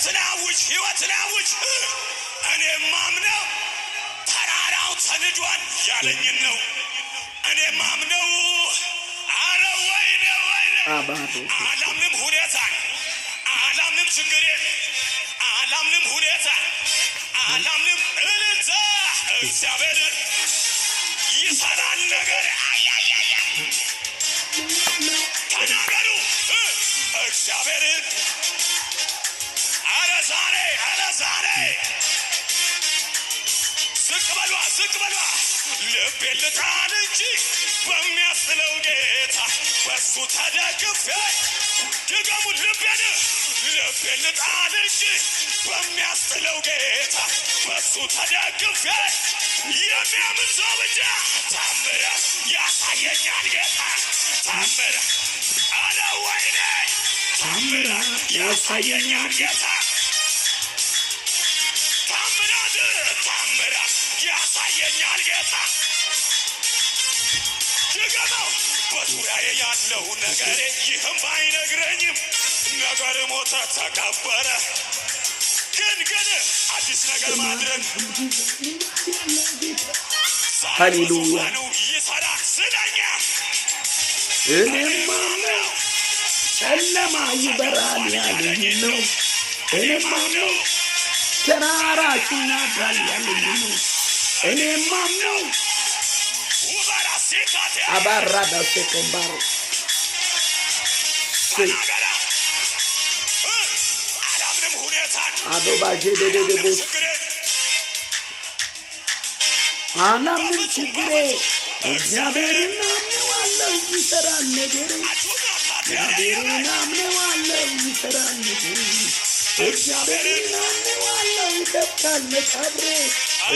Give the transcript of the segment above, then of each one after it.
እምነትን አውጅ፣ ሕይወትን አውጅ። እኔ ማምነው ተራራው ተንዷል ያለኝን ነው። እኔ ማምነው አረ ወይኔ ወይኔ አላምንም ሁኔታ አላምንም ችግሬ አላምንም ሁኔታ አላምንም እልልታ እግዚአብሔር ይሰራል ነገር ተናገሩ እግዚአብሔር ዛሬ ዝቅ በሏ፣ ዝቅ በሏ። ልቤ ልጣል እንጂ በሚያስለው ጌታ በሱ ተደግፌ ድገሙ። ልቤን ልቤ ልጣል እንጂ በሚያስጥለው ጌታ በሱ ተደግፌ የሚያምን ሰው ብቻ ታምረ ያሳየኛል ጌታ ታምረ አለ ወይኔ ታምረ ያሳየኛል ጌታ ጌታ በዙሪያዬ ያለው ይህም አይነግረኝም። ነገር ሞተ ተቀበረ። ግን ግን አዲስ ነገር ማድረግ ይሰራ ስለኛ እኔማ ነው ጨለማ ይበራል ያለኝ ነው። እኔማ ነው ተራራ ያለኝ ነው። እኔ ማምነው አባራ ዳሴቶምባሩ አዶባጄ ደደደቦ አላምንም ችግሬ እግዚአብሔርን አምነዋለሁ ይሰራል ነገሬ እግዚአብሔርን አምነዋለሁ ይሰራል ነገሬ እግዚአብሔርን መቃብሬ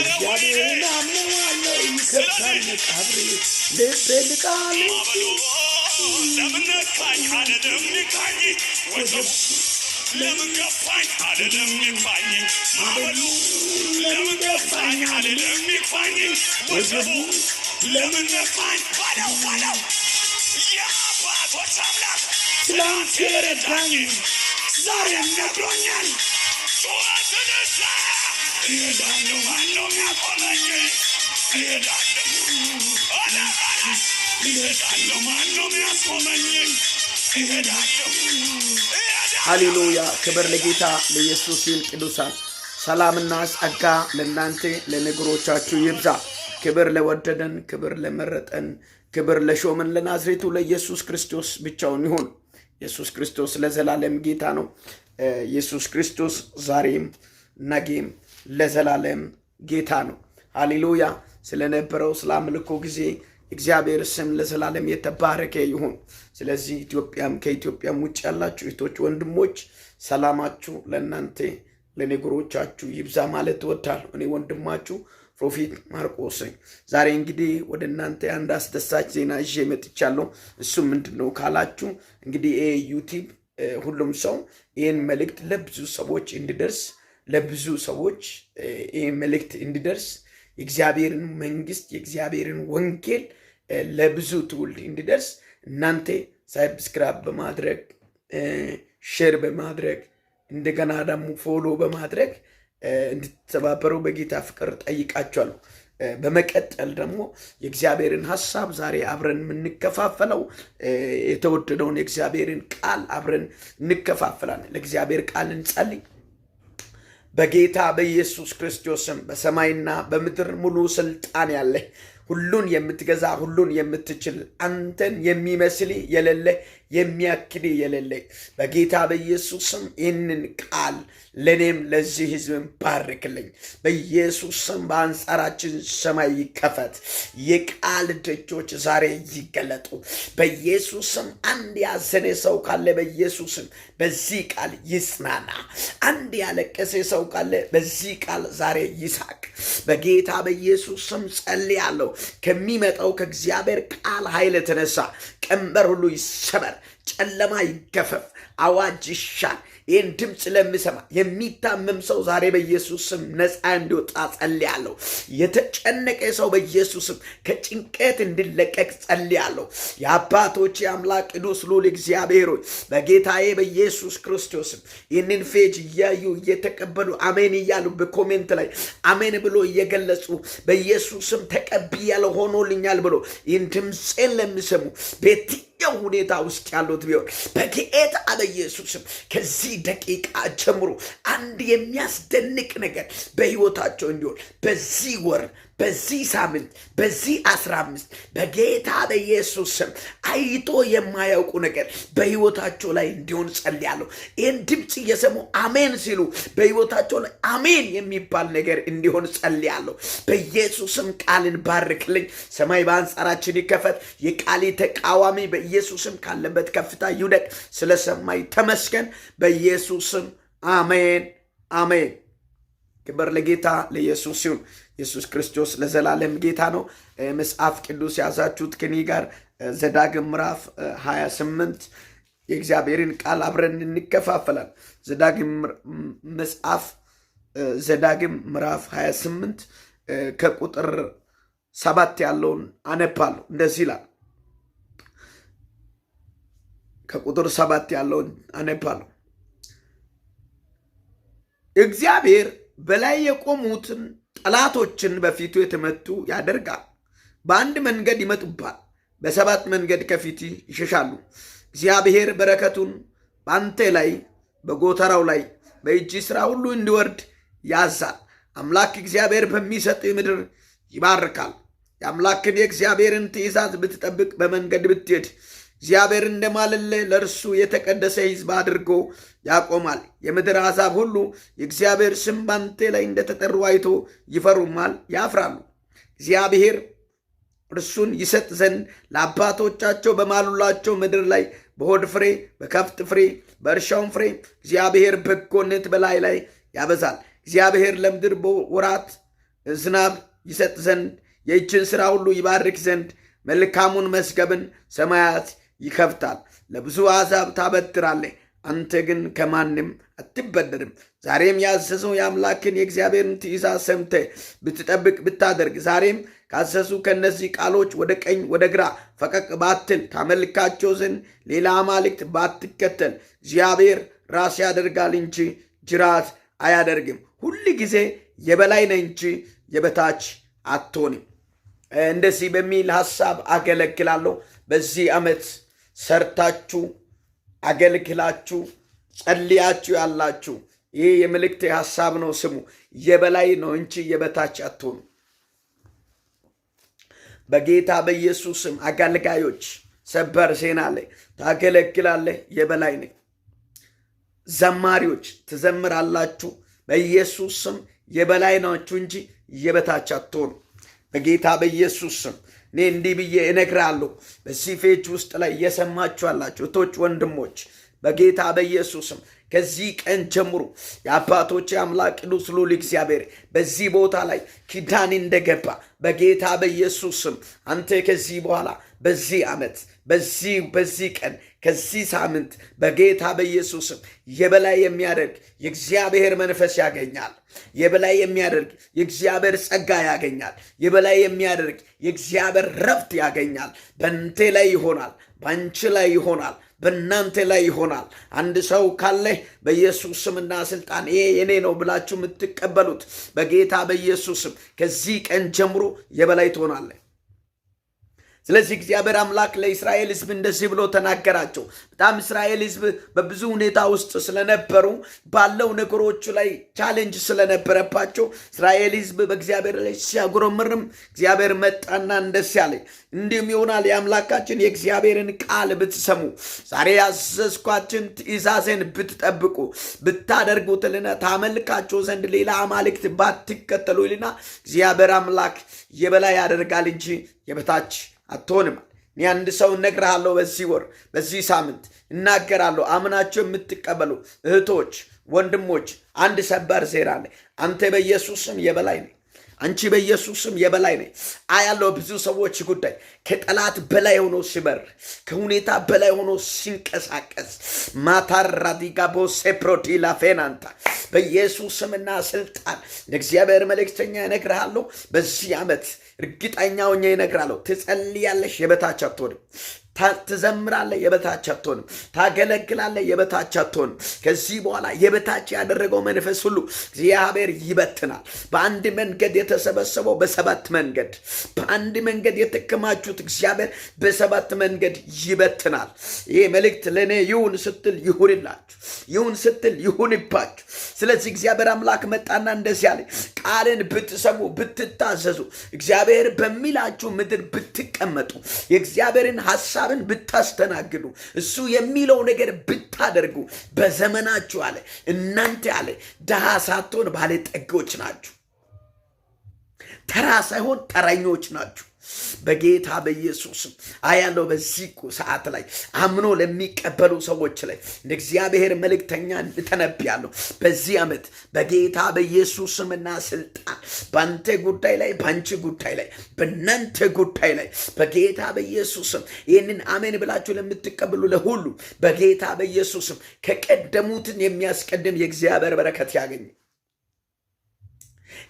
እግዚአብሔርን አምነዋለሁ ይከብዳል መቃብሬ ልቤ ልቃል ለምን ገፋኝ አደለም ንካኝ አበሉ ለምን ገፋኝ ባለው ባለው የአባቶች አምላክ ትላንት የረዳኝ ዛሬም ነግሮኛል ጩኸት ተነሳ ሃሌሉያ። ክብር ለጌታ ለኢየሱስ ይሁን። ቅዱሳን ሰላምና ጸጋ ለእናንተ ለነገሮቻችሁ ይብዛ። ክብር ለወደደን፣ ክብር ለመረጠን፣ ክብር ለሾምን ለናዝሬቱ ለኢየሱስ ክርስቶስ ብቻውን ይሁን። ኢየሱስ ክርስቶስ ለዘላለም ጌታ ነው። ኢየሱስ ክርስቶስ ዛሬም ነገም ለዘላለም ጌታ ነው። ሃሌሉያ። ስለነበረው ስለ አምልኮ ጊዜ እግዚአብሔር ስም ለዘላለም የተባረከ ይሁን። ስለዚህ ኢትዮጵያም ከኢትዮጵያም ውጭ ያላችሁ እህቶች፣ ወንድሞች ሰላማችሁ ለእናንተ ለነገሮቻችሁ ይብዛ ማለት እወዳለሁ። እኔ ወንድማችሁ ፕሮፌት ማርቆስ ዛሬ እንግዲህ ወደ እናንተ አንድ አስደሳች ዜና ይዤ መጥቻለሁ። እሱ ምንድን ነው ካላችሁ እንግዲህ ይሄ ዩቲዩብ ሁሉም ሰው ይህን መልእክት ለብዙ ሰዎች እንዲደርስ ለብዙ ሰዎች ይህ መልእክት እንዲደርስ የእግዚአብሔርን መንግስት የእግዚአብሔርን ወንጌል ለብዙ ትውልድ እንዲደርስ እናንተ ሳብስክራይብ በማድረግ ሼር በማድረግ እንደገና ደግሞ ፎሎ በማድረግ እንድተባበረው በጌታ ፍቅር ጠይቃቸዋሉ። በመቀጠል ደግሞ የእግዚአብሔርን ሀሳብ ዛሬ አብረን የምንከፋፈለው የተወደደውን የእግዚአብሔርን ቃል አብረን እንከፋፈላለን። ለእግዚአብሔር ቃል እንጸልይ። በጌታ በኢየሱስ ክርስቶስም በሰማይና በምድር ሙሉ ስልጣን ያለህ ሁሉን የምትገዛ ሁሉን የምትችል አንተን የሚመስል የሌለ የሚያክል የሌለ በጌታ በኢየሱስም ይህንን ቃል ለእኔም ለዚህ ሕዝብም ባርክልኝ። በኢየሱስ ስም በአንጻራችን ሰማይ ይከፈት፣ የቃል ደጆች ዛሬ ይገለጡ። በኢየሱስም አንድ ያዘነ ሰው ካለ በኢየሱስም በዚህ ቃል ይጽናና። አንድ ያለቀሰ ሰው ካለ በዚህ ቃል ዛሬ ይሳቅ። በጌታ በኢየሱስም ጸልያለሁ። ከሚመጣው ከእግዚአብሔር ቃል ኃይል የተነሳ ቀንበር ሁሉ ይሰበር፣ ጨለማ ይገፈፍ፣ አዋጅ ይሻል። ይህን ድምፅ ለሚሰማ የሚታመም ሰው ዛሬ በኢየሱስም ነፃ እንዲወጣ ጸልያለሁ። የተጨነቀ ሰው በኢየሱስም ስም ከጭንቀት እንዲለቀቅ ጸልያለሁ። የአባቶች የአምላክ ቅዱስ ልዑል እግዚአብሔር በጌታዬ በኢየሱስ ክርስቶስም ይህንን ፌጅ እያዩ እየተቀበሉ አሜን እያሉ በኮሜንት ላይ አሜን ብሎ እየገለጹ በኢየሱስም ስም ተቀብያለሁ ሆኖልኛል ብሎ ይህን ድምፄን ለሚሰሙ ቤት በየትኛው ሁኔታ ውስጥ ያሉት ቢሆን አለ በኢየሱስም ከዚህ ደቂቃ ጀምሮ አንድ የሚያስደንቅ ነገር በህይወታቸው እንዲሆን በዚህ ወር በዚህ ሳምንት በዚህ አስራ አምስት በጌታ በኢየሱስ ስም ታይቶ የማያውቁ ነገር በህይወታቸው ላይ እንዲሆን ጸልያለሁ። ይህን ድምፅ እየሰሙ አሜን ሲሉ በህይወታቸው ላይ አሜን የሚባል ነገር እንዲሆን ጸልያለሁ። በኢየሱስም ቃልን ባርክልኝ። ሰማይ በአንጻራችን ይከፈት። የቃሌ ተቃዋሚ በኢየሱስም ካለበት ከፍታ ይውደቅ። ስለ ሰማይ ተመስገን። በኢየሱስም አሜን አሜን። ክብር ለጌታ ለኢየሱስ ይሁን። ኢየሱስ ክርስቶስ ለዘላለም ጌታ ነው። መጽሐፍ ቅዱስ ያዛችሁት ከኔ ጋር ዘዳግም ምዕራፍ 28 የእግዚአብሔርን ቃል አብረን እንከፋፈላል። ዘዳግም መጽሐፍ ዘዳግም ምዕራፍ 28 ከቁጥር ሰባት ያለውን አነባለሁ። እንደዚህ ይላል። ከቁጥር ሰባት ያለውን አነባለሁ። እግዚአብሔር በላይ የቆሙትን ጠላቶችን በፊቱ የተመቱ ያደርጋል። በአንድ መንገድ ይመጡባል በሰባት መንገድ ከፊት ይሸሻሉ። እግዚአብሔር በረከቱን በአንተ ላይ በጎተራው ላይ በእጅ ሥራ ሁሉ እንዲወርድ ያዛል። አምላክ እግዚአብሔር በሚሰጥ ምድር ይባርካል። የአምላክን የእግዚአብሔርን ትእዛዝ ብትጠብቅ በመንገድ ብትሄድ እግዚአብሔር እንደማለለ ለእርሱ የተቀደሰ ሕዝብ አድርጎ ያቆማል። የምድር አሕዛብ ሁሉ የእግዚአብሔር ስም ባንቴ ላይ እንደተጠሩ አይቶ ይፈሩማል፣ ያፍራሉ። እግዚአብሔር እርሱን ይሰጥ ዘንድ ለአባቶቻቸው በማሉላቸው ምድር ላይ በሆድ ፍሬ፣ በከፍት ፍሬ፣ በእርሻውን ፍሬ እግዚአብሔር በጎነት በላይ ላይ ያበዛል። እግዚአብሔር ለምድር በወራት ዝናብ ይሰጥ ዘንድ የእጅን ሥራ ሁሉ ይባርክ ዘንድ መልካሙን መስገብን ሰማያት ይከፍታል። ለብዙ አሕዛብ ታበድራለህ፣ አንተ ግን ከማንም አትበደርም። ዛሬም ያዘዘው የአምላክን የእግዚአብሔርን ትእዛዝ ሰምተህ ብትጠብቅ ብታደርግ ዛሬም ካሰሱ ከእነዚህ ቃሎች ወደ ቀኝ ወደ ግራ ፈቀቅ ባትል ታመልካቸው ዘንድ ሌላ አማልክት ባትከተል እግዚአብሔር ራስ ያደርጋል እንጂ ጅራት አያደርግም። ሁል ጊዜ የበላይ ነህ እንጂ የበታች አትሆንም። እንደዚህ በሚል ሀሳብ አገለግላለሁ። በዚህ ዓመት ሰርታችሁ አገልግላችሁ ጸልያችሁ ያላችሁ ይህ የመልእክቴ ሀሳብ ነው። ስሙ። የበላይ ነው እንጂ የበታች አትሆኑ። በጌታ በኢየሱስም አገልጋዮች ሰበር ዜና ላይ ታገለግላለህ። የበላይ ነህ። ዘማሪዎች ትዘምራላችሁ። በኢየሱስም የበላይ ናችሁ እንጂ የበታች አትሆኑ። በጌታ በኢየሱስም እኔ እንዲህ ብዬ እነግራለሁ። በዚህ ፌጅ ውስጥ ላይ እየሰማችሁ ያላችሁ እህቶች፣ ወንድሞች በጌታ በኢየሱስም ከዚህ ቀን ጀምሮ የአባቶች አምላክ ቅዱስ ሉል እግዚአብሔር በዚህ ቦታ ላይ ኪዳን እንደገባ በጌታ በኢየሱስም አንተ ከዚህ በኋላ በዚህ ዓመት በዚህ በዚህ ቀን ከዚህ ሳምንት በጌታ በኢየሱስም የበላይ የሚያደርግ የእግዚአብሔር መንፈስ ያገኛል። የበላይ የሚያደርግ የእግዚአብሔር ጸጋ ያገኛል። የበላይ የሚያደርግ የእግዚአብሔር ረፍት ያገኛል። በንቴ ላይ ይሆናል። በአንቺ ላይ ይሆናል። በእናንተ ላይ ይሆናል። አንድ ሰው ካለህ በኢየሱስ ስምና ስልጣን ይሄ የኔ ነው ብላችሁ የምትቀበሉት በጌታ በኢየሱስም ስም ከዚህ ቀን ጀምሮ የበላይ ትሆናለህ። ስለዚህ እግዚአብሔር አምላክ ለእስራኤል ሕዝብ እንደዚህ ብሎ ተናገራቸው። በጣም እስራኤል ሕዝብ በብዙ ሁኔታ ውስጥ ስለነበሩ ባለው ነገሮቹ ላይ ቻሌንጅ ስለነበረባቸው እስራኤል ሕዝብ በእግዚአብሔር ላይ ሲያጉረምርም እግዚአብሔር መጣና እንደስ ያለ እንዲሁም ይሆናል የአምላካችን የእግዚአብሔርን ቃል ብትሰሙ፣ ዛሬ ያዘዝኳችን ትእዛዜን ብትጠብቁ ብታደርጉት ልና ታመልካቸው ዘንድ ሌላ አማልክት ባትከተሉ ልና እግዚአብሔር አምላክ የበላይ ያደርጋል እንጂ የበታች አትሆንም። እኔ አንድ ሰው እነግርሃለሁ፣ በዚህ ወር በዚህ ሳምንት እናገራለሁ። አምናቸው የምትቀበሉ እህቶች፣ ወንድሞች አንድ ሰበር ዜና አለ። አንተ በኢየሱስም የበላይ ነ አንቺ በኢየሱስም የበላይ ነ አያለው ብዙ ሰዎች ጉዳይ ከጠላት በላይ ሆኖ ሲበር፣ ከሁኔታ በላይ ሆኖ ሲንቀሳቀስ ማታራዲጋቦ ሴፕሮቲ ላፌናንታ በኢየሱስምና ስልጣን ለእግዚአብሔር መልእክተኛ እነግርሃለሁ በዚህ ዓመት እርግጠኛ ሆኜ እነግራለሁ። ትጸልያለሽ፣ የበታች አትሆንም። ትዘምራለህ የበታች አትሆንም። ታገለግላለህ የበታች አትሆንም። ከዚህ በኋላ የበታች ያደረገው መንፈስ ሁሉ እግዚአብሔር ይበትናል። በአንድ መንገድ የተሰበሰበው በሰባት መንገድ፣ በአንድ መንገድ የተከማቹት እግዚአብሔር በሰባት መንገድ ይበትናል። ይሄ መልእክት ለእኔ ይሁን ስትል ይሁንላችሁ፣ ይሁን ስትል ይሁንባችሁ። ስለዚህ እግዚአብሔር አምላክ መጣና እንደዚህ ያለ ቃልን ብትሰሙ ብትታዘዙ፣ እግዚአብሔር በሚላችሁ ምድር ብትቀመጡ የእግዚአብሔርን ሀሳብ ሐሳብን ብታስተናግዱ፣ እሱ የሚለው ነገር ብታደርጉ በዘመናችሁ አለ እናንተ አለ ድሃ ሳትሆን ባለጠጎች ናችሁ። ተራ ሳይሆን ተረኞች ናችሁ። በጌታ በኢየሱስ አያለው። በዚህ ሰዓት ላይ አምኖ ለሚቀበሉ ሰዎች ላይ እንደ እግዚአብሔር መልእክተኛ እንተነብያለሁ። በዚህ ዓመት በጌታ በኢየሱስ ስልጣን በአንተ ጉዳይ ላይ፣ በአንቺ ጉዳይ ላይ፣ በእናንተ ጉዳይ ላይ በጌታ በኢየሱስም ይህንን አሜን ብላችሁ ለምትቀበሉ ለሁሉ በጌታ በኢየሱስም ከቀደሙትን የሚያስቀድም የእግዚአብሔር በረከት ያገኝ።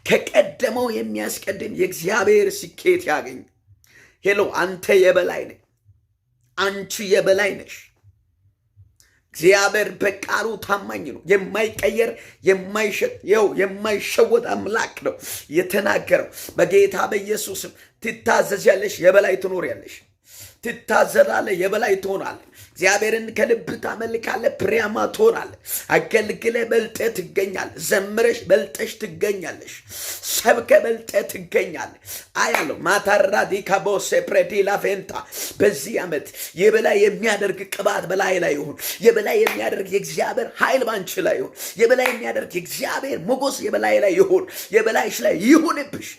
ከቀደመው የሚያስቀድም የእግዚአብሔር ስኬት ያገኝ። ሄሎ አንተ የበላይ ነህ፣ አንቺ የበላይ ነሽ። እግዚአብሔር በቃሉ ታማኝ ነው። የማይቀየር የማይሸው የማይሸወት አምላክ ነው የተናገረው። በጌታ በኢየሱስም ያለሽ የበላይ ትኖር ያለሽ ትታዘዛለህ፣ የበላይ ትሆናለ። እግዚአብሔርን ከልብ ታመልካለ ፕሪያማ ትሆናለ። አገልግለ በልጠ ትገኛለ። ዘምረሽ በልጠሽ ትገኛለሽ። ሰብከ በልጠ ትገኛለ። አያለው ማታራ ዲካቦሴ ፕሬዲላ ላፌንታ በዚህ ዓመት የበላይ የሚያደርግ ቅባት በላይ ላይ ይሁን። የበላይ የሚያደርግ የእግዚአብሔር ኃይል ባንቺ ላይ ይሁን። የበላይ የሚያደርግ የእግዚአብሔር ሞገስ የበላይ ላይ ይሁን። የበላይሽ ላይ ይሁንብሽ።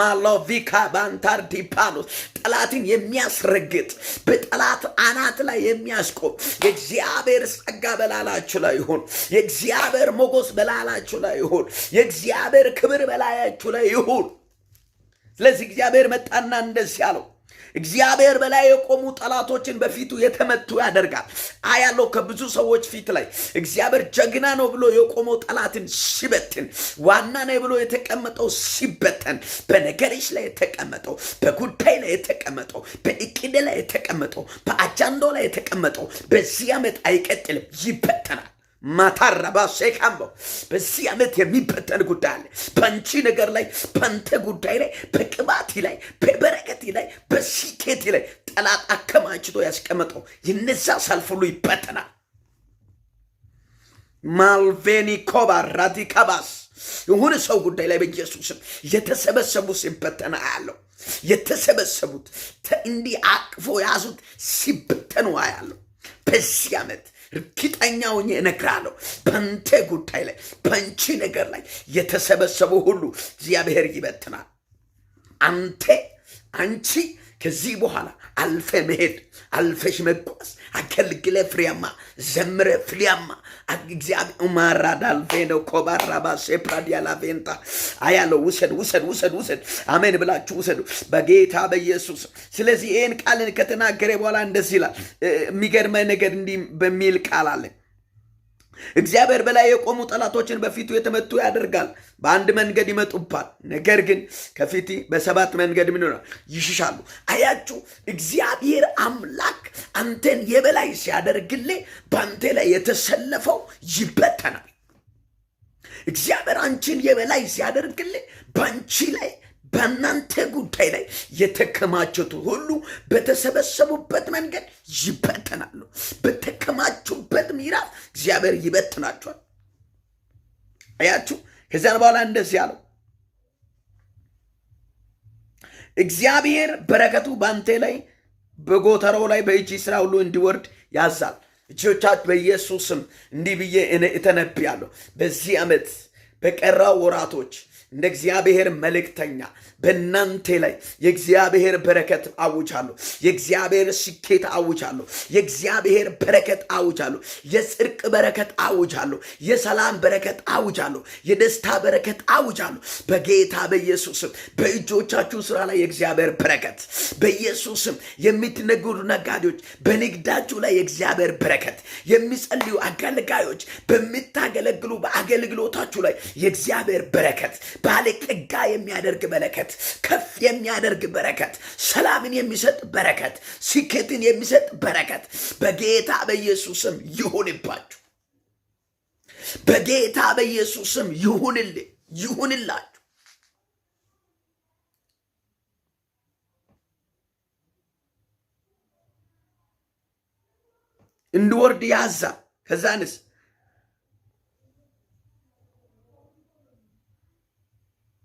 ማሎቪካ ባንታር ዲፓኖስ ጠላትን የሚያስረግጥ በጠላት አናት ላይ የሚ የሚያስቆም የእግዚአብሔር ጸጋ በላላችሁ ላይ ይሁን። የእግዚአብሔር ሞገስ በላላችሁ ላይ ይሁን። የእግዚአብሔር ክብር በላያችሁ ላይ ይሁን። ስለዚህ እግዚአብሔር መጣና እንደዚህ አለው እግዚአብሔር በላይ የቆሙ ጠላቶችን በፊቱ የተመቱ ያደርጋል። አያለው ከብዙ ሰዎች ፊት ላይ እግዚአብሔር ጀግና ነው ብሎ የቆመው ጠላትን ሲበትን፣ ዋና ነው ብሎ የተቀመጠው ሲበተን፣ በነገርሽ ላይ የተቀመጠው፣ በጉዳይ ላይ የተቀመጠው፣ በእቅድ ላይ የተቀመጠው፣ በአጃንዶ ላይ የተቀመጠው በዚህ ዓመት አይቀጥልም፣ ይበተናል። ማታረባ ሴካምበ በዚህ ዓመት የሚበተን ጉዳይ አለ። በአንቺ ነገር ላይ፣ በአንተ ጉዳይ ላይ፣ በቅባቲ ላይ፣ በበረከቲ ላይ በስኬቴ ላይ ጠላት አከማችቶ ያስቀመጠው የነዛ ሰልፍ ሁሉ ይበተናል። ማልቬኒ ኮባ ራዲካባስ የሆነ ሰው ጉዳይ ላይ በኢየሱስም የተሰበሰቡ ሲበተና አያለሁ የተሰበሰቡት እንዲህ አቅፎ የያዙት ሲበተኑ አያለሁ በዚህ ዓመት እርግጠኛ ሆኜ እነግራለሁ። በንቴ ጉዳይ ላይ በንቺ ነገር ላይ የተሰበሰቡ ሁሉ እግዚአብሔር ይበትናል። አንተ አንቺ ከዚህ በኋላ አልፈ መሄድ አልፈሽ መጓዝ አገልግለ ፍሬያማ ዘምረ ፍሬያማ እግዚአብሔር ማራዳ አልፌኖ ኮባራባ ሴፕራዲያላ ቬንታ አያለው ውሰድ ውሰድ ውሰድ ውሰድ አሜን ብላችሁ ውሰዱ በጌታ በኢየሱስ። ስለዚህ ይህን ቃልን ከተናገረ በኋላ እንደዚህ ይላል። የሚገርመ ነገር እንዲህ በሚል ቃል አለን እግዚአብሔር በላይ የቆሙ ጠላቶችን በፊቱ የተመቱ ያደርጋል። በአንድ መንገድ ይመጡባል፣ ነገር ግን ከፊት በሰባት መንገድ ምን ይሆናል? ይሽሻሉ። አያችሁ፣ እግዚአብሔር አምላክ አንተን የበላይ ሲያደርግልህ በአንተ ላይ የተሰለፈው ይበተናል። እግዚአብሔር አንቺን የበላይ ሲያደርግልህ በአንቺ ላይ በእናንተ ጉዳይ ላይ የተከማቸቱ ሁሉ በተሰበሰቡበት መንገድ ይበተናሉ። በተከማቹበት ምዕራፍ እግዚአብሔር ይበትናቸዋል። አያችሁ። ከዚያን በኋላ እንደዚህ አለው፣ እግዚአብሔር በረከቱ በአንተ ላይ በጎተራው ላይ በእጅ ስራ ሁሉ እንዲወርድ ያዛል። እጆቻችሁ በኢየሱስም እንዲህ ብዬ እተነብያለሁ በዚህ ዓመት በቀራው ወራቶች እንደ እግዚአብሔር መልእክተኛ በእናንተ ላይ የእግዚአብሔር በረከት አውቻለሁ። የእግዚአብሔር ስኬት አውቻለሁ። የእግዚአብሔር በረከት አውቻለሁ። የጽድቅ በረከት አውቻለሁ። የሰላም በረከት አውቻለሁ። የደስታ በረከት አውቻለሁ። በጌታ በኢየሱስም በእጆቻችሁ ስራ ላይ የእግዚአብሔር በረከት በኢየሱስም የምትነግዱ ነጋዴዎች፣ በንግዳችሁ ላይ የእግዚአብሔር በረከት የሚጸልዩ አገልጋዮች፣ በምታገለግሉ በአገልግሎታችሁ ላይ የእግዚአብሔር በረከት ጠጋ የሚያደርግ በረከት በረከት፣ ከፍ የሚያደርግ በረከት፣ ሰላምን የሚሰጥ በረከት፣ ስኬትን የሚሰጥ በረከት በጌታ በኢየሱስም ይሁንባችሁ። በጌታ በኢየሱስም ይሁንል ይሁንላችሁ። እንድወርድ ያዛ ከዛንስ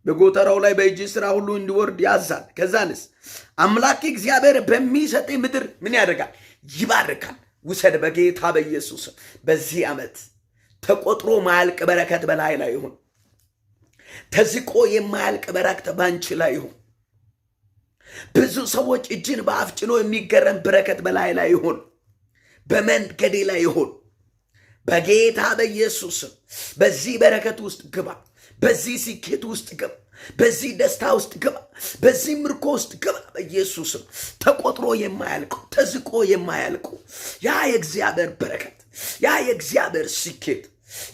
በጎተራው ላይ በእጅ ስራ ሁሉ እንዲወርድ ያዛል። ከዛንስ አምላክ እግዚአብሔር በሚሰጥ ምድር ምን ያደርጋል? ይባርካል። ውሰድ በጌታ በኢየሱስ በዚህ ዓመት ተቆጥሮ ማያልቅ በረከት በላይ ላይ ይሁን። ተዝቆ የማያልቅ በረከት ባንቺ ላይ ይሁን። ብዙ ሰዎች እጅን በአፍ ጭኖ የሚገረም በረከት በላይ ላይ ይሁን። በመንገዴ ላይ ይሁን። በጌታ በኢየሱስም በዚህ በረከት ውስጥ ግባ። በዚህ ስኬት ውስጥ ግባ። በዚህ ደስታ ውስጥ ግባ። በዚህ ምርኮ ውስጥ ግባ። በኢየሱስም ተቆጥሮ የማያልቀው ተዝቆ የማያልቀው ያ የእግዚአብሔር በረከት፣ ያ የእግዚአብሔር ስኬት፣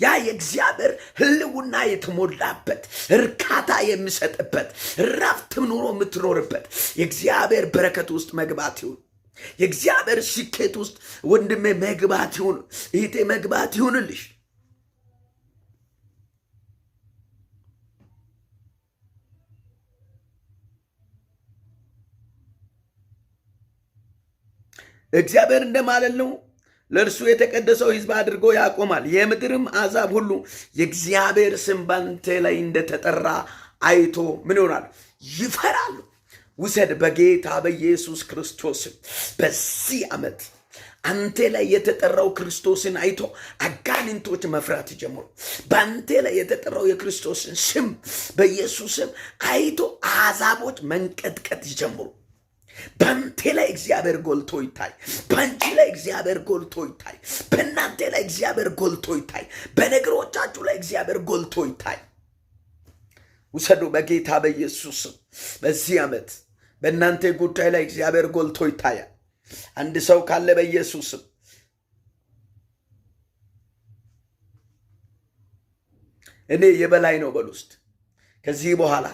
ያ የእግዚአብሔር ህልውና የተሞላበት እርካታ የሚሰጥበት ራፍትም ኑሮ የምትኖርበት የእግዚአብሔር በረከት ውስጥ መግባት ይሁን። የእግዚአብሔር ስኬት ውስጥ ወንድሜ መግባት ይሁን። እህቴ መግባት ይሁንልሽ። እግዚአብሔር እንደማለል ነው ለእርሱ የተቀደሰው ሕዝብ አድርጎ ያቆማል። የምድርም አሕዛብ ሁሉ የእግዚአብሔር ስም ባንተ ላይ እንደተጠራ አይቶ ምን ይሆናል? ይፈራሉ። ውሰድ በጌታ በኢየሱስ ክርስቶስ በዚህ ዓመት አንተ ላይ የተጠራው ክርስቶስን አይቶ አጋንንቶች መፍራት ጀምሩ። በአንተ ላይ የተጠራው የክርስቶስን ስም በኢየሱስም አይቶ አሕዛቦች መንቀጥቀጥ ይጀምሩ። በአንቴ ላይ እግዚአብሔር ጎልቶ ይታይ። በአንቺ ላይ እግዚአብሔር ጎልቶ ይታይ። በእናንቴ ላይ እግዚአብሔር ጎልቶ ይታይ። በነገሮቻችሁ ላይ እግዚአብሔር ጎልቶ ይታይ። ውሰዱ በጌታ በኢየሱስ በዚህ ዓመት በእናንተ ጉዳይ ላይ እግዚአብሔር ጎልቶ ይታያል። አንድ ሰው ካለ በኢየሱስም እኔ የበላይ ነው በል ውስጥ ከዚህ በኋላ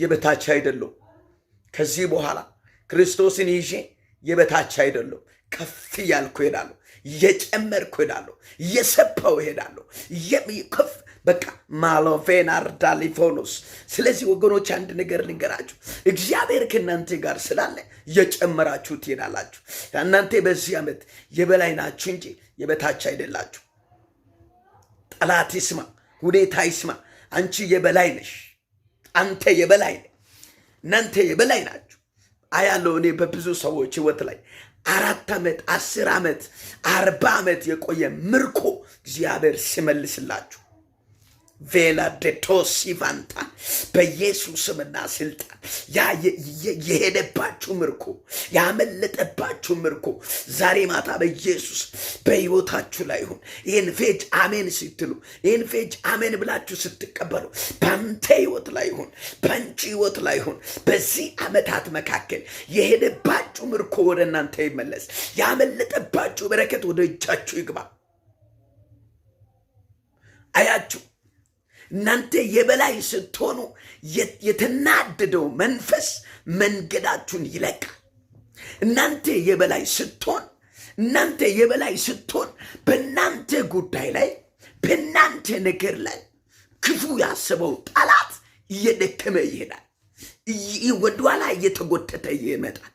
የበታች አይደለሁም ከዚህ በኋላ ክርስቶስን ይዤ የበታች አይደለም፣ ከፍ እያልኩ እሄዳለሁ፣ እየጨመርኩ እሄዳለሁ፣ እየሰፋው እሄዳለሁ። ከፍ በቃ ማሎፌን አርዳ ሊፎኖስ። ስለዚህ ወገኖች አንድ ነገር ልንገራችሁ፣ እግዚአብሔር ከእናንተ ጋር ስላለ እየጨመራችሁ ትሄዳላችሁ። እናንተ በዚህ ዓመት የበላይ ናችሁ እንጂ የበታች አይደላችሁ። ጠላት ይስማ፣ ሁኔታ ይስማ፣ አንቺ የበላይ ነሽ። አንተ የበላይ ነህ። እናንተ የበላይ ናችሁ። አያለው እኔ በብዙ ሰዎች ህይወት ላይ አራት ዓመት አስር ዓመት አርባ ዓመት የቆየ ምርኮ እግዚአብሔር ሲመልስላችሁ ቬላደቶስ ይቫንታ በኢየሱስምና ስልጣን የሄደባችሁ ምርኮ ያመለጠባችሁ ምርኮ ዛሬ ማታ በኢየሱስ በሕይወታችሁ ላይ ይሁን። ይህን ፌጅ አሜን ስትሉ፣ ይህን ፌጅ አሜን ብላችሁ ስትቀበሉ በአንተ ሕይወት ላይ ይሁን፣ በአንቺ ሕይወት ላይ ይሁን። በዚህ ዓመታት መካከል የሄደባችሁ ምርኮ ወደ እናንተ ይመለስ። ያመለጠባችሁ በረከት ወደ እጃችሁ ይግባ። አያችሁ እናንተ የበላይ ስትሆኑ የተናደደው መንፈስ መንገዳችሁን ይለቃል። እናንተ የበላይ ስትሆን እናንተ የበላይ ስትሆን በእናንተ ጉዳይ ላይ በእናንተ ነገር ላይ ክፉ ያስበው ጠላት እየደከመ ይሄዳል። ወደኋላ እየተጎተተ ይመጣል።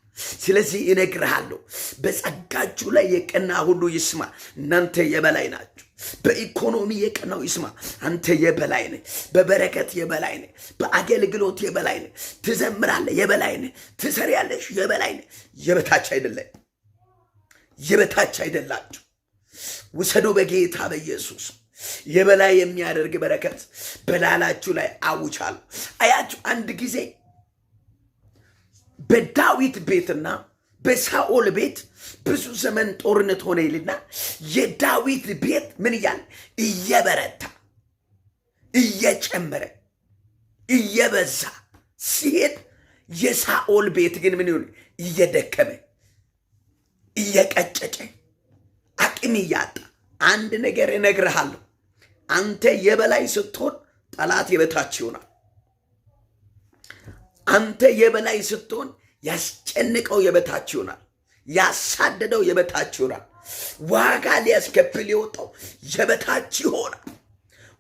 ስለዚህ ይነግርሃለሁ፣ በጸጋችሁ ላይ የቀና ሁሉ ይስማ። እናንተ የበላይ ናችሁ። በኢኮኖሚ የቀናው ይስማ። አንተ የበላይ ነህ። በበረከት የበላይ ነህ። በአገልግሎት የበላይ ነህ። ትዘምራለህ፣ የበላይ ነህ። ትሰሪያለሽ፣ የበላይ ነህ። የበታች አይደለም፣ የበታች አይደላችሁ። ውሰዶ በጌታ በኢየሱስ የበላይ የሚያደርግ በረከት በላላችሁ ላይ አውቻለሁ። አያችሁ አንድ ጊዜ በዳዊት ቤትና በሳኦል ቤት ብዙ ዘመን ጦርነት ሆነ ይልና የዳዊት ቤት ምን እያለ እየበረታ እየጨመረ እየበዛ ሲሄድ የሳኦል ቤት ግን ምን ይሆን እየደከመ እየቀጨጨ አቅም እያጣ አንድ ነገር እነግርሃለሁ አንተ የበላይ ስትሆን ጠላት የበታች ይሆናል አንተ የበላይ ስትሆን ያስጨንቀው የበታች ይሆናል። ያሳደደው የበታች ይሆናል። ዋጋ ሊያስከፍል የወጣው የበታች ይሆናል።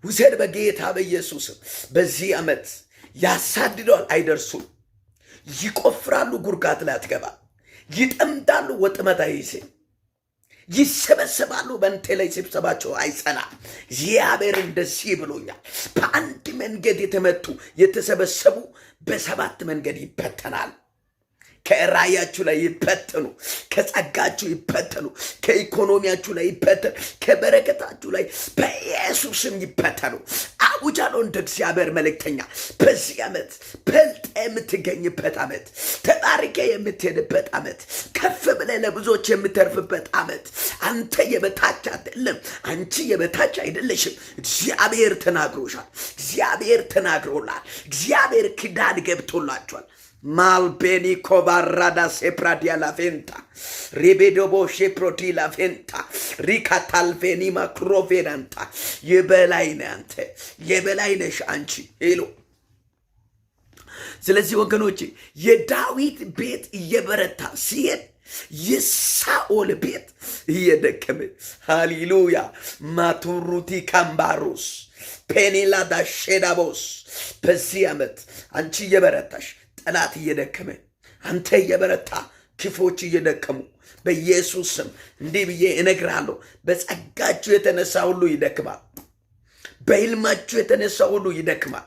ውሰድ በጌታ በኢየሱስም በዚህ ዓመት ያሳድደዋል። አይደርሱም። ይቆፍራሉ፣ ጉርጋት ላይ አትገባ። ይጠምዳሉ፣ ወጥመት አይሴ። ይሰበሰባሉ። በንቴ ላይ ስብሰባቸው አይጸናም። እግዚአብሔር እንደዚህ ብሎኛል። በአንድ መንገድ የተመቱ የተሰበሰቡ በሰባት መንገድ ይበተናል። ከራያችሁ ላይ ይፈተኑ፣ ከጸጋችሁ ይፈተኑ፣ ከኢኮኖሚያችሁ ላይ ይፈተኑ፣ ከበረከታችሁ ላይ በኢየሱስም ይፈተኑ። አቡጃሎ እንደ እግዚአብሔር መልእክተኛ በዚህ ዓመት በልጠ የምትገኝበት ዓመት፣ ተባርከ የምትሄድበት ዓመት፣ ከፍ ብለ ለብዙዎች የምተርፍበት ዓመት። አንተ የበታች አይደለም፣ አንቺ የበታች አይደለሽም። እግዚአብሔር ተናግሮሻል። እግዚአብሔር ተናግሮላል። እግዚአብሔር ክዳን ገብቶላችኋል። Malbeni covarrada sepradia la venta, ribedobo sheprodi la venta, ricatalvenima crovenanta, የበላይነንተ የበላይነሽ አንቺ ሄሎ ስለዚህ ወገኖቼ የዳዊት ቤት እየበረታ ሲሄድ የሳኦል ቤት እየደከመ ሃሌሉያ ማቱሩቲ ካምባሩስ ፔኔላዳ ሼዳቦስ በዚህ ዓመት አንቺ እየበረታሽ ጠላት እየደከመ አንተ እየበረታ ክፎች እየደከሙ በኢየሱስ ስም እንዲህ ብዬ እነግርሃለሁ፣ በጸጋችሁ የተነሳ ሁሉ ይደክማል። በሕልማችሁ የተነሳ ሁሉ ይደክማል።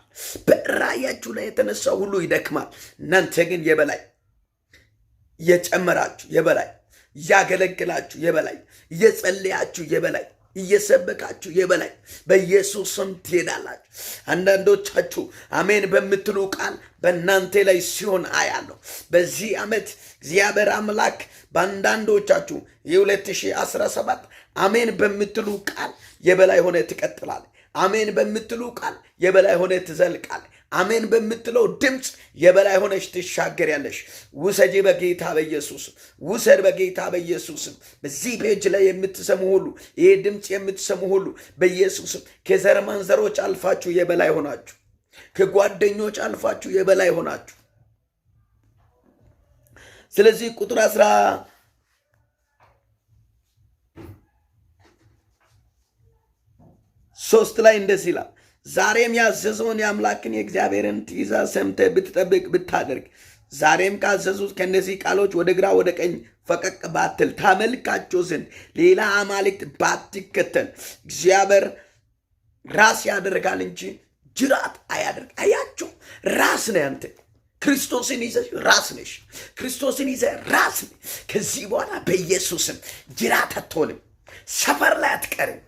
በራያችሁ ላይ የተነሳ ሁሉ ይደክማል። እናንተ ግን የበላይ የጨመራችሁ የበላይ እያገለግላችሁ የበላይ እየጸለያችሁ የበላይ እየሰበካችሁ የበላይ በኢየሱስ ስም ትሄዳላችሁ። አንዳንዶቻችሁ አሜን በምትሉ ቃል በእናንተ ላይ ሲሆን አያለሁ። በዚህ ዓመት እግዚአብሔር አምላክ በአንዳንዶቻችሁ የ2017 አሜን በምትሉ ቃል የበላይ ሆነ ትቀጥላለህ። አሜን በምትሉ ቃል የበላይ ሆነ ትዘልቃል። አሜን በምትለው ድምፅ የበላይ ትሻገር ያለሽ ውሰጂ በጌታ በኢየሱስ ውሰድ በጌታ በኢየሱስም። በዚህ ፔጅ ላይ የምትሰሙ ሁሉ፣ ይህ ድምፅ የምትሰሙ ሁሉ በኢየሱስም ከዘር ማንዘሮች አልፋችሁ የበላይ ሆናችሁ፣ ከጓደኞች አልፋችሁ የበላይ ሆናችሁ። ስለዚህ ቁጥር አስራ ሶስት ላይ እንደዚህ ይላል ዛሬም ያዘዘውን የአምላክን የእግዚአብሔርን ትእዛዝ ሰምተህ ብትጠብቅ ብታደርግ ዛሬም ካዘዙት ከእነዚህ ቃሎች ወደ ግራ ወደ ቀኝ ፈቀቅ ባትል ታመልካቸው ዘንድ ሌላ አማልክት ባትከተል እግዚአብሔር ራስ ያደርጋል እንጂ ጅራት አያደርግ። አያቸው ራስ ነህ አንተ። ክርስቶስን ይዘህ ራስ ነሽ። ክርስቶስን ይዘህ ራስ ከዚህ በኋላ በኢየሱስም ጅራት አትሆንም። ሰፈር ላይ አትቀርም።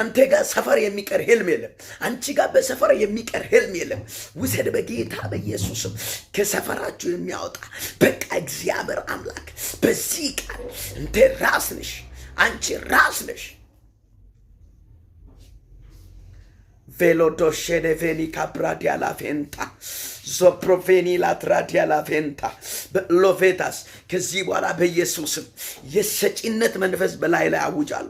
አንተ ጋር ሰፈር የሚቀር ህልም የለም። አንቺ ጋር በሰፈር የሚቀር ህልም የለም። ውሰድ በጌታ በኢየሱስም ከሰፈራችሁ የሚያወጣ በቃ እግዚአብሔር አምላክ በዚህ ቃል እንተ ራስ ነሽ፣ አንቺ ራስ ነሽ። ቬሎዶሼደ ቬኒ ካብራዲያ ላፌንታ ዞፕሮቬኒ ላትራዲያ ላፌንታ በሎቬታስ ከዚህ በኋላ በኢየሱስም የሰጪነት መንፈስ በላይ ላይ አውጃሉ።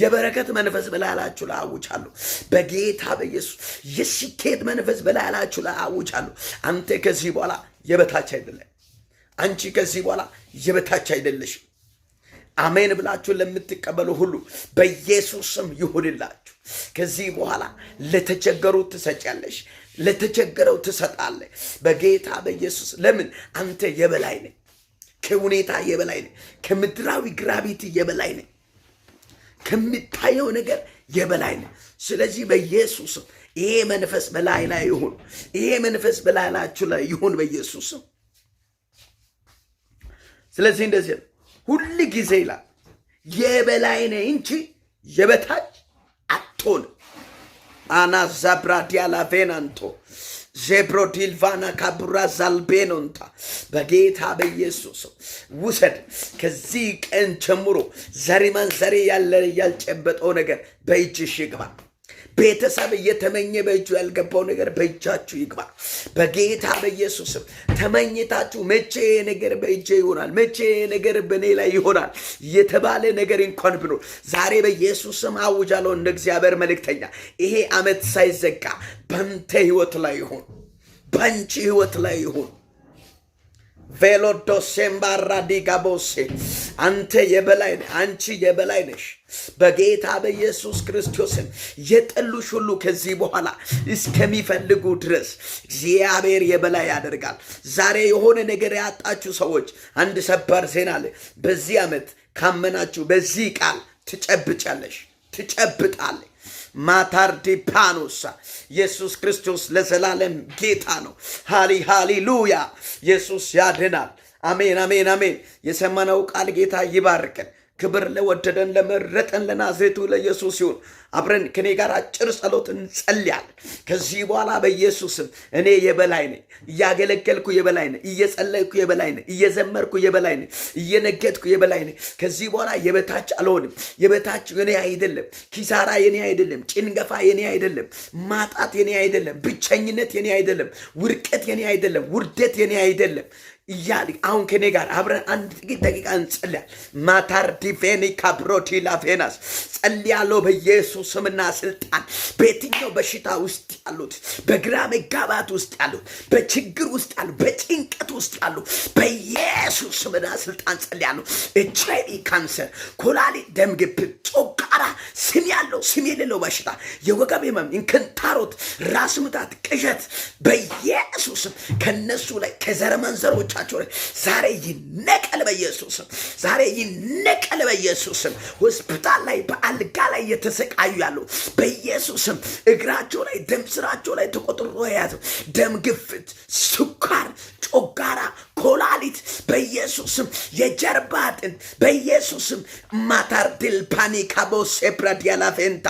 የበረከት መንፈስ በላይ ላችሁ ላይ አውጃሉ። በጌታ በኢየሱስ የስኬት መንፈስ በላይ ላችሁ ላይ አውጃሉ። አንተ ከዚህ በኋላ የበታች አይደለም። አንቺ ከዚህ በኋላ የበታች አይደለሽም። አሜን ብላችሁ ለምትቀበሉ ሁሉ በኢየሱስም ይሁንላችሁ። ከዚህ በኋላ ለተቸገሩ ትሰጫለሽ፣ ለተቸገረው ትሰጣለህ በጌታ በኢየሱስ። ለምን አንተ የበላይ ነህ፣ ከሁኔታ የበላይ ነህ፣ ከምድራዊ ግራቪቲ የበላይ ነህ፣ ከሚታየው ነገር የበላይ ነህ። ስለዚህ በኢየሱስም ይሄ መንፈስ በላይ ላይ ይሁን፣ ይሄ መንፈስ በላይ ላችሁ ላይ ይሁን በኢየሱስም። ስለዚህ እንደዚህ ሁል ጊዜ ይላል የበላይ ነህ እንጂ የበታች አትሆን አናዛብራዲያ ላቬናንቶ ዜብሮዲልቫና ካብራ ዛልቤኖንታ በጌታ በኢየሱስ ውሰድ። ከዚህ ቀን ጀምሮ ዘሪ ማንዘሬ ያለ ያልጨበጠው ነገር በእጅሽ ይግባ። ቤተሰብ እየተመኘ በእጁ ያልገባው ነገር በእጃችሁ ይግባ በጌታ በኢየሱስም። ተመኝታችሁ መቼ ነገር በእጄ ይሆናል፣ መቼ ነገር በእኔ ላይ ይሆናል የተባለ ነገር እንኳን ብኖር ዛሬ በኢየሱስም አውጃለሁ። እንደ እግዚአብሔር መልእክተኛ ይሄ ዓመት ሳይዘጋ በንተ ህይወት ላይ ይሁን፣ በንቺ ህይወት ላይ ይሁን። ቬሎዶሴምባራ ዲጋቦሴ አንተ የበላይ ነህ፣ አንቺ የበላይ ነሽ። በጌታ በኢየሱስ ክርስቶስን የጠሉሽ ሁሉ ከዚህ በኋላ እስከሚፈልጉ ድረስ እግዚአብሔር የበላይ ያደርጋል። ዛሬ የሆነ ነገር ያጣችሁ ሰዎች አንድ ሰባር ዜና አለ። በዚህ ዓመት ካመናችሁ በዚህ ቃል ትጨብጫለሽ፣ ትጨብጣለሽ ማታርዲፓኑሳ ኢየሱስ ክርስቶስ ለዘላለም ጌታ ነው። ሃሊ ሃሊሉያ ኢየሱስ ያድናል። አሜን፣ አሜን፣ አሜን። የሰማነው ቃል ጌታ ይባርክን። ክብር ለወደደን ለመረጠን ለናዝሬቱ ለኢየሱስ ይሁን። አብረን ከኔ ጋር አጭር ጸሎት እንጸልያለን። ከዚህ በኋላ በኢየሱስም እኔ የበላይ ነኝ፣ እያገለገልኩ የበላይ ነኝ፣ እየጸለይኩ የበላይ ነኝ፣ እየዘመርኩ የበላይ ነኝ፣ እየነገድኩ የበላይ ነኝ። ከዚህ በኋላ የበታች አልሆንም። የበታች የኔ አይደለም፣ ኪሳራ የኔ አይደለም፣ ጭንገፋ የኔ አይደለም፣ ማጣት የኔ አይደለም፣ ብቸኝነት የኔ አይደለም፣ ውርቀት የኔ አይደለም፣ ውርደት የኔ አይደለም። እያል አሁን ከኔ ጋር አብረን አንድ ጥቂት ደቂቃ እንጸልያል። ማታር ዲቬኒ ካብሮቲ ላፌናስ ጸልያለሁ በኢየሱስ ስምና ስልጣን። በየትኛው በሽታ ውስጥ ያሉት፣ በግራ መጋባት ውስጥ ያሉት፣ በችግር ውስጥ ያሉ፣ በጭንቀት ውስጥ ያሉ በኢየሱስ ስምና ስልጣን ጸልያለሁ። ኤች አይ ቪ ካንሰር፣ ኮላሊት፣ ደም ግፊት ጮካ ጠንካራ ስም ያለው ስም የሌለው በሽታ፣ የወገብ ህመም፣ እንክንታሮት፣ ራስ ምታት፣ ቅዠት በኢየሱስም ከነሱ ላይ ከዘረመንዘሮቻቸው ላይ ዛሬ ይነቀል በኢየሱስም ዛሬ ይነቀል በኢየሱስም ሆስፒታል ላይ በአልጋ ላይ የተሰቃዩ ያሉ በኢየሱስም እግራቸው ላይ ደም ስራቸው ላይ ተቆጥሮ የያዘው ደም ግፍት፣ ስኳር ጮጋራ፣ ኮላሊት በኢየሱስም የጀርባ አጥንት በኢየሱስም ማታርድል ፓኒካቦ ሴፕራዲያላቬንታ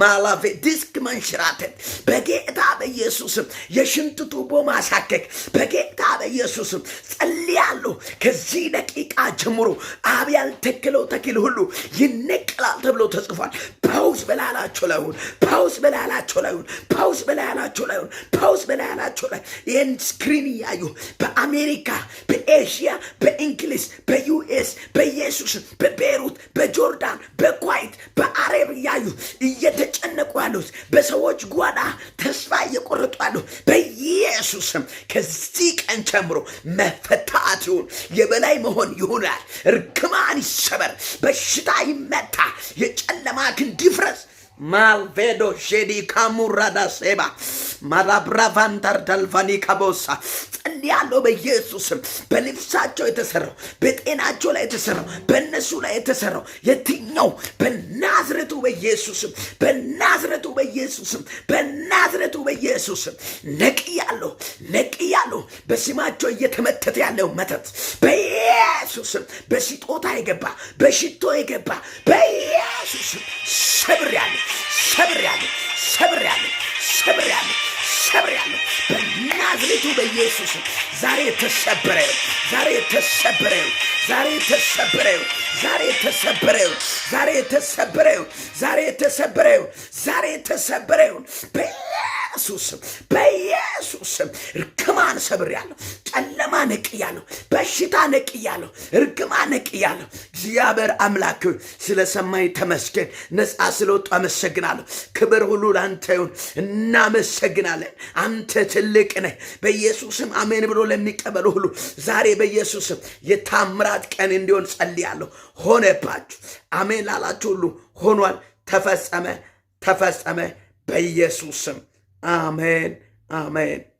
ማላቬ ዲስክ መንሽራተት በጌታ በኢየሱስም የሽንት ቱቦ ማሳከክ በጌታ በኢየሱስም ጸልያለሁ። ከዚህ ደቂቃ ጀምሮ አብ ያልተከለው ተክል ሁሉ ይነቀላል ተብሎ ተጽፏል። ፓውስ በላላቸው ላይ ሁን፣ ፓውስ በላላቸው ላይ ሁን፣ ፓውስ በላላቸው ላይ ሁን፣ ፓውስ በላላቸው ላይ ይህን ስክሪን እያዩ በአሜሪካ፣ በኤዥያ በእንግሊዝ፣ በዩኤስ፣ በኢየሱስ፣ በቤሩት፣ በጆርዳን፣ በኳይት፣ በአረብ እያዩ እየተጨነቁ ያሉት በሰዎች ጓዳ ተስፋ እየቆረጡ ያሉት በኢየሱስም ከዚህ ቀን ጀምሮ መፈታት ይሁን፣ የበላይ መሆን ይሆናል። እርግማን ይሰበር፣ በሽታ ይመታ፣ የጨለማ ክንድ ይፍረስ። malvedo ሼዲ ካሙራዳ ሴባ ማራብራቫንታር ዳልቫኒ ካቦሳ ጸልያለሁ። በኢየሱስም በልብሳቸው የተሰራው በጤናቸው ላይ የተሰራው በእነሱ ላይ የተሰራው የትኛው በናዝረቱ በኢየሱስም በናዝረቱ በኢየሱስም በናዝረቱ በኢየሱስም ነቅያለሁ፣ ነቅያለሁ። በስማቸው እየተመተተ ያለው መተት በኢየሱስም በስጦታ የገባ በሽቶ የገባ በኢየሱስም ሰብር ያለ ሰብር ያለ ሰብር ያለ ሰብር በናዝሬቱ በኢየሱስ ዛሬ ተሰበረ፣ ዛሬ ተሰበረ፣ ዛሬ ተሰበረ፣ ዛሬ ተሰበረ፣ ዛሬ ተሰበረ፣ ዛሬ ተሰበረ፣ ዛሬ ተሰበረ በኢየሱስ በኢየሱስ እርግማን ሰብሬያለሁ። ጨለማ ነቅያለሁ። በሽታ ነቅያለሁ። እርግማ ነቅያለሁ። እግዚአብሔር አምላክ ስለሰማኝ ተመስገን። ነፃ ስለወጡ አመሰግናለሁ። ክብር ሁሉ ለአንተ ይሁን። እናመሰግናለን። አንተ ትልቅ ነህ። በኢየሱስም አሜን ብሎ ለሚቀበሉ ሁሉ ዛሬ በኢየሱስም የታምራት ቀን እንዲሆን ጸልያለሁ። ሆነባችሁ። አሜን ላላችሁ ሁሉ ሆኗል። ተፈጸመ፣ ተፈጸመ በኢየሱስም Amen. Amen.